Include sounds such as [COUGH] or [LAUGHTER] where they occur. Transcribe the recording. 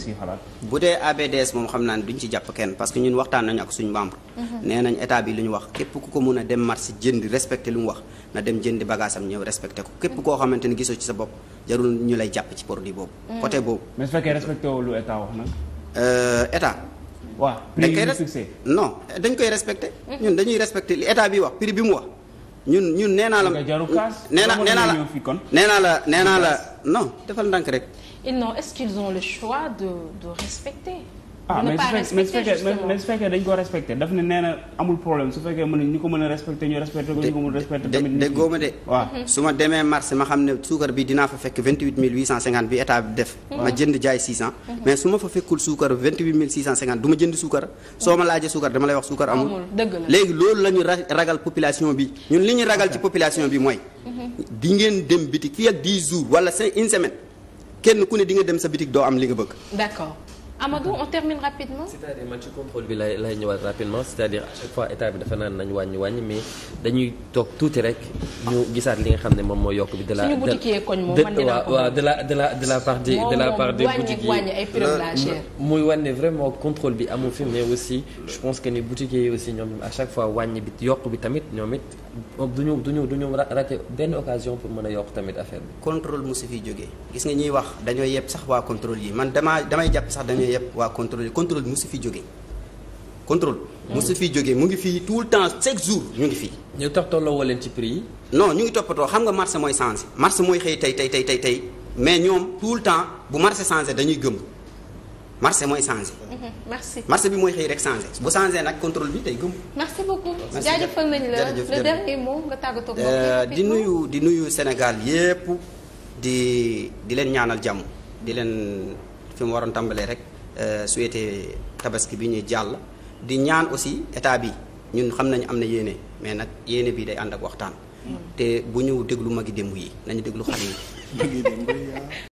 si xalaat bu dee ABDS moom xam naa ne duñ ci jàpp kenn parce que ñun waxtaan nañu ak suñu membre mhm. nee nañ état bi lu ñu wax képp ku ko mun a dem marché jëndi respecté lu mu wax na dem jëndi bagage ñëw respecté ko képp koo xamante ne gisoo ci sa bopp jarul ñu lay jàpp ci produit boobu mhm. côté boobu mais su fekkee respecté wu lu état wax nag euh, état non dañ koy respecté mhm. ñun dañuy respecté li état bi wax prix bi mu wax ñun ñun nee naa la nee na nee naa la nee naa la nee naa la non defal ndànk rek. et non est-ce qu'ils ont le choix de de respecter. ah mais su fekkee mais su fekkee dañ ko respecté daf ne nee na amul problème su fekkee mën ñu ko mën a respecté ñu respecté ko ñu ko mën respecté tamit déggoo ma de waaw su ma demee marché ma xam ne suukar bi dinaa fa fekk 28850 bi état bi def mhm. ma jënd jaay 600 mhm. mais su ma fa fekkul suukar 28650 du ma jënd suukar soo ma laajee suukar dama lay wax suukar amul léegi loolu la ñu ragal population bi ñun li ñu ragal ci population bi mooy mhm. di ngeen dem bitik fii ak 10 jours wala cinq une semaine kenn ku ne di nga dem sa bitik doo am li nga bëgg d'accord Amadou on termine rapidement. cest à man ci contrôle bi lay lay ñëwaat rapidement c'est-à-dire chaque fois état bi dafa naan nañ wàññi wàññi mais dañuy toog tuuti rek ñu gisaat li nga xam ne moom moo yokk bi. de la waaw de la de la de la part des de la part des boutiques yi muy wàññi vraiment contrôle bi amul fi mais aussi je pense que ni boutiques yi aussi ñoom à chaque fois wàññi bi yokk bi tamit ñoom it duñu duñu duñu raté benn occasion pour mën yokk tamit affaire bi. mu si fi jógee gis yëpp waa contrôle contrôle bi mosu fi jógee contrôle. mosu fi jógee mu ngi fii tout le temps chaque jour ñu ngi fii. ñu tax tolloo leen ci prix yi. non ñu ngi toppatoo xam nga marché mooy changé marché mooy xëy tey tey tey tey tey mais ñoom tout le temps bu marché changé dañuy gëm marché mooy changé. Mhm, merci marché bi mooy xëy rek changé bu changé nag contrôle bi day gëm. merci beaucoup jaajëfal nañ la le dernier mot euh, di nuyu di nuyu Sénégal yépp di di leen ñaanal jàmm di leen fi mu waroon tàmbalee rek. souhaité tabaski bi ñuy jàll di ñaan aussi état bi ñun xam nañu am na yéene mais nag yéene bii day ànd ak waxtaan mm. te bu ñëw déglu magi démb yi nañu déglu xale yi [LAUGHS]